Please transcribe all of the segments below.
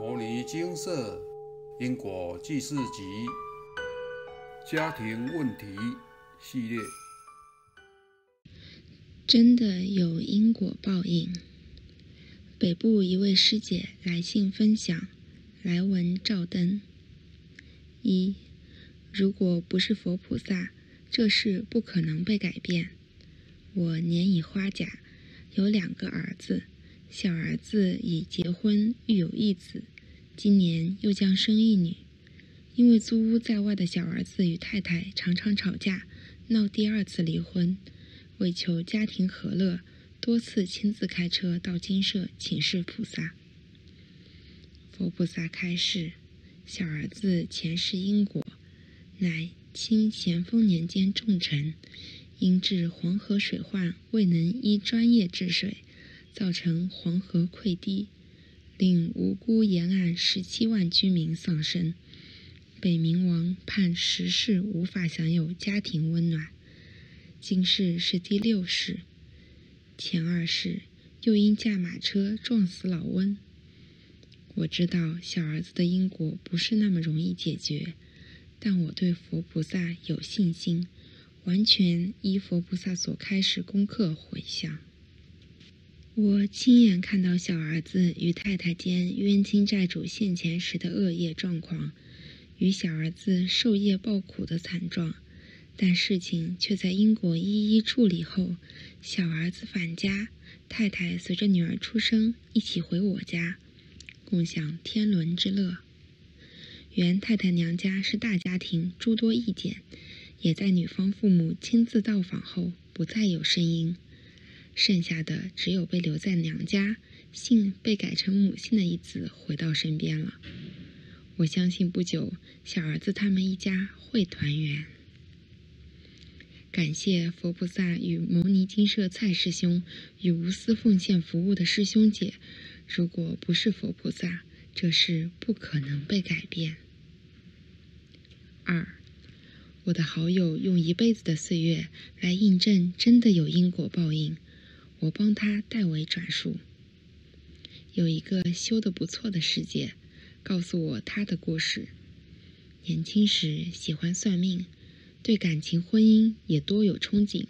牟尼精舍因果濟世集家庭問題系列，真的有因果報應。北部一位師姐來信分享，來文照登。一，如果不是佛菩薩，這事不可能被改變。我年已花甲，有兩個兒子。小兒子已結婚，育有一子，今年又將生一女。因為租屋在外的小兒子與太太常常吵架，鬧第二次離婚，為求家庭和樂，多次親自開車到精舍請示菩薩。佛菩薩開示：小兒子前世因果，乃清咸豐年間重臣，因治黃河水患未能依專業治水，造成黃河潰堤，令無辜沿岸十七萬居民喪生。北冥王判十世無法享有家庭溫暖，今世是第六世。前二世又因駕馬車撞死老翁。我知道小兒子的因果不是那麼容易解決，但我對佛菩薩有信心，完全依佛菩薩所開示功課回向。我親眼看到小兒子與太太間冤親債主現前時的惡業狀況，與小兒子受業報苦的慘狀，但事情卻在因果一一處理後，小兒子返家，太太隨着女兒出生一起回我家，共享天倫之樂。原太太娘家是大家庭，諸多意見，也在女方父母親自到訪後，不再有聲音。剩下的只有被留在娘家、姓被改成母姓的一子回到身邊了。我相信不久，小兒子他們一家會團圓。感謝佛菩薩與牟尼精舍蔡師兄與無私奉獻服務的師兄姐。如果不是佛菩薩，這事不可能被改變。二，我的好友用一輩子的歲月來印證，真的有因果報應。我幫他代為轉述，有一個修的不錯的師姐，告訴我他的故事。年輕時喜歡算命，對感情婚姻也多有憧憬。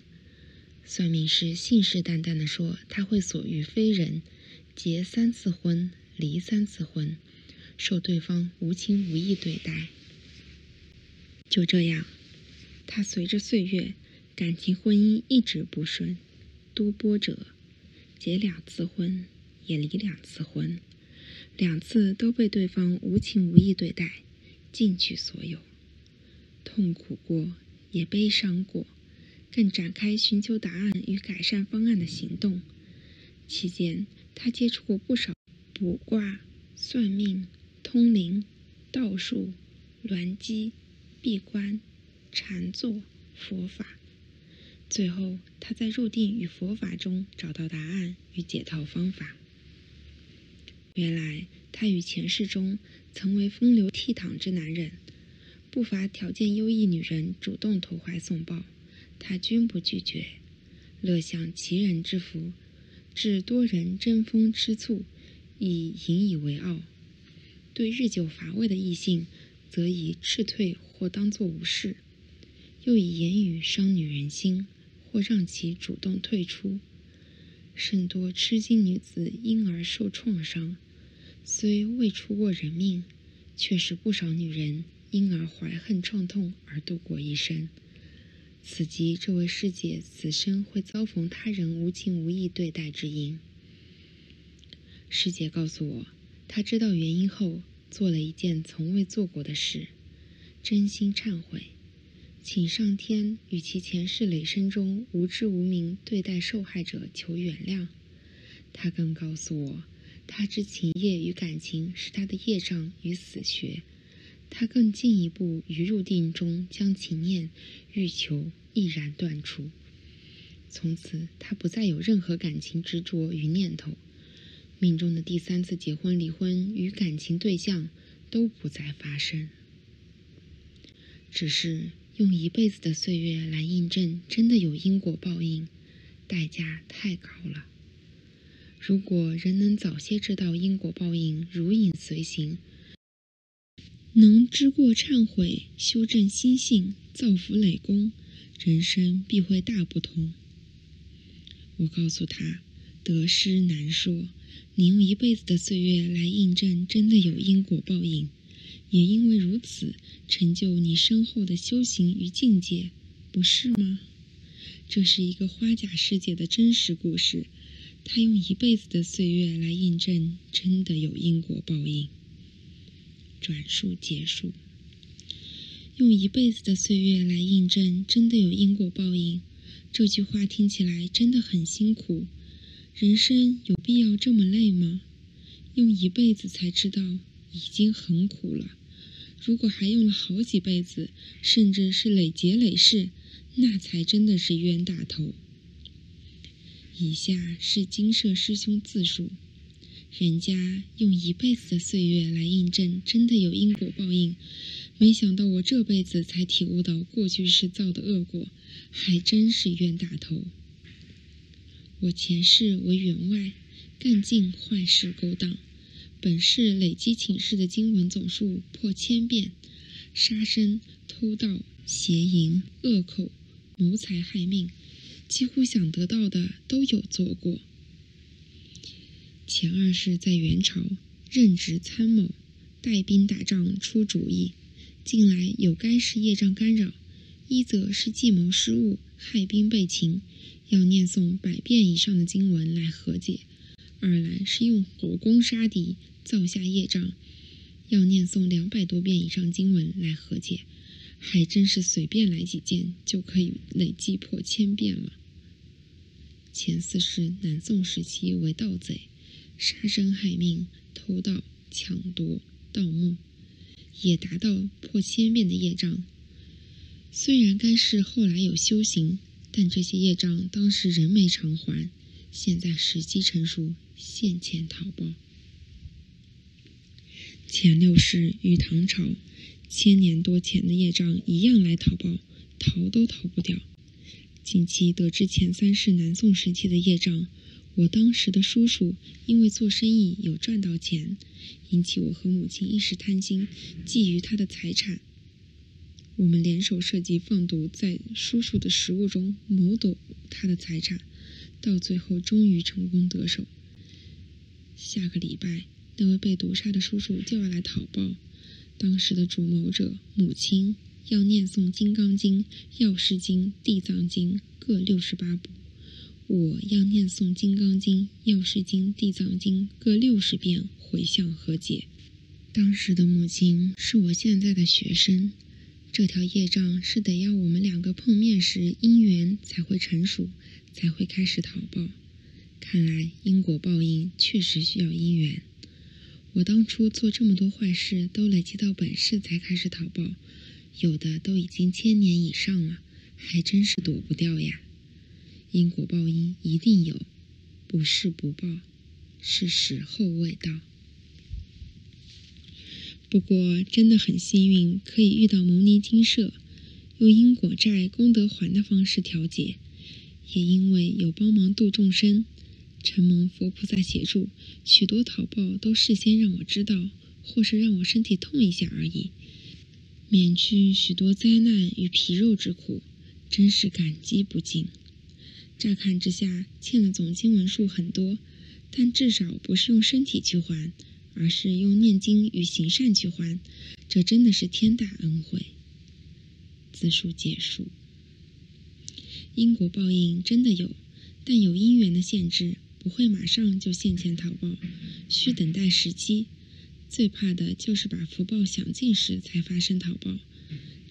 算命師信誓旦旦地說，他會所遇非人，結三次婚離三次婚，受對方無情無義對待。就這樣，他隨着歲月，感情婚姻一直不順。多波折，結兩次婚，也離兩次婚，兩次都被對方無情無義對待，盡取所有，痛苦過，也悲傷過，更展開尋求答案與改善方案的行動。期間，他接觸過不少卜卦、算命、通靈、道術、鸞乩、閉關、禪坐、佛法。最後，他在入定與佛法中找到答案與解套方法。原來，他與前世中曾為風流倜儻之男人，不乏條件優異女人主動投懷送抱，他均不拒絕，樂享其人之福，致多人爭風吃醋，以引以為傲。對日久乏味的異性，則以斥退或當作無事，又以言語傷女人心。或讓其主動退出，甚多痴心女子因而受創傷，雖未出過人命，卻使不少女人因而懷恨創痛而度過一生。此即這位師姐此生會遭逢他人無情無義對待之因。師姐告訴我，她知道原因後，做了一件從未做過的事，真心懺悔。請上天與其前世累生中無知無明對待受害者求原諒。他更告訴我，他知情業與感情是他的業障與死穴。他更進一步於入定中將情念、欲求毅然斷除。從此，他不再有任何感情執着與念頭。命中的第三次結婚、離婚與感情對象都不再發生。只是。用一輩子的歲月來印證，真的有因果報應，代價太高了。如果人能早些知道因果報應如影隨形，能知過懺悔、修正心性、造福累功，人生必會大不同。我告訴他，得失難說，你用一輩子的歲月來印證，真的有因果報應。也因為如此，成就你深厚的修行與境界，不是嗎？這是一個花甲世界的真實故事，它用一輩子的歲月來印證，真的有因果報應。轉述結束。用一輩子的歲月來印證，真的有因果報應。這句話聽起來真的很辛苦，人生有必要這麼累嗎？用一輩子才知道，已經很苦了。如果還用了好幾輩子，甚至是累劫累世，那才真的是冤大頭。以下是精舍師兄自述：人家用一輩子的歲月來印證，真的有因果報應。沒想到我這輩子才體悟到，過去世造的惡果，還真是冤大頭。我前世為員外，幹盡壞事勾當。本世累積請示的經文總數破千遍，殺生、偷盜、邪淫、惡口、謀財害命，幾乎想得到的都有做過。前二世在元朝任職參謀，帶兵打仗出主意，近來有該世業障干擾，一則是計謀失誤，害兵被擒，要念誦百遍以上的經文來和解。二來是用火攻殺敵，造下業障，要念誦兩百多遍以上經文來和解，還真是隨便來幾件就可以累計破千遍了。前四世南宋時期為盜賊，殺生害命、偷盜、搶奪、盜墓，也達到破千遍的業障。雖然該世後來有修行，但這些業障當時仍沒償還。現在時機成熟，現前討報。前六世與唐朝千年多前的業障一樣來討報，逃都逃不掉。近期得知前三世南宋時期的業障，我當時的叔叔因為做生意有賺到錢，引起我和母親一時貪心，覬覦他的財產。我們聯手設計放毒在叔叔的食物中，謀奪他的財產。到最後終於成功得手。下個禮拜，那位被毒殺的叔叔就要來討報。當時的主謀者母親要念誦《金剛經》《藥師經》《地藏經》各六十八部，我要念誦《金剛經》《藥師經》《地藏經》各六十遍，回向和解。當時的母親是我現在的學生，這條業障是得要我們兩個碰面時因緣才會成熟。才會開始討報。看來因果報應確實需要因緣。我當初做這麼多壞事，都累積到本世才開始討報，有的都已經千年以上了，還真是躲不掉呀。因果報應一定有，不是不報，是時候未到。不過真的很幸運，可以遇到牟尼精舍，用因果債、功德還的方式調節。也因為有幫忙度眾生，承蒙佛菩薩協助，許多討報都事先讓我知道，或是讓我身體痛一下而已，免去許多災難與皮肉之苦，真是感激不盡。乍看之下欠了總經文數很多，但至少不是用身體去還，而是用念經與行善去還，這真的是天大恩惠。自述結束。因果報應真的有，但有因緣的限制，不會馬上就現前討報，需等待時機。最怕的就是把福報享盡時才發生討報，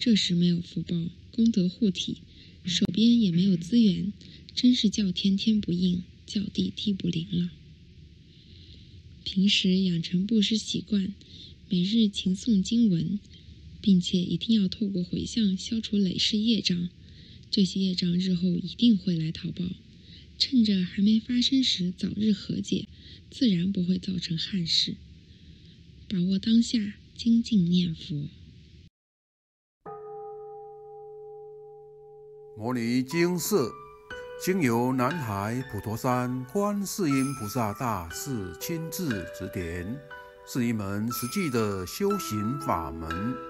這時沒有福報，功德護體，手邊也沒有資源，真是叫天天不應，叫地地不靈了。平時養成布施習慣，每日勤誦經文，並且一定要透過迴向消除累世業障。這些業障日後一定會來討報，趁着還沒發生時，早日和解，自然不會造成憾事。把握當下，精進念佛。牟尼精舍經由南海普陀山觀世音菩薩大士親自指點，是一門實際的修行法門。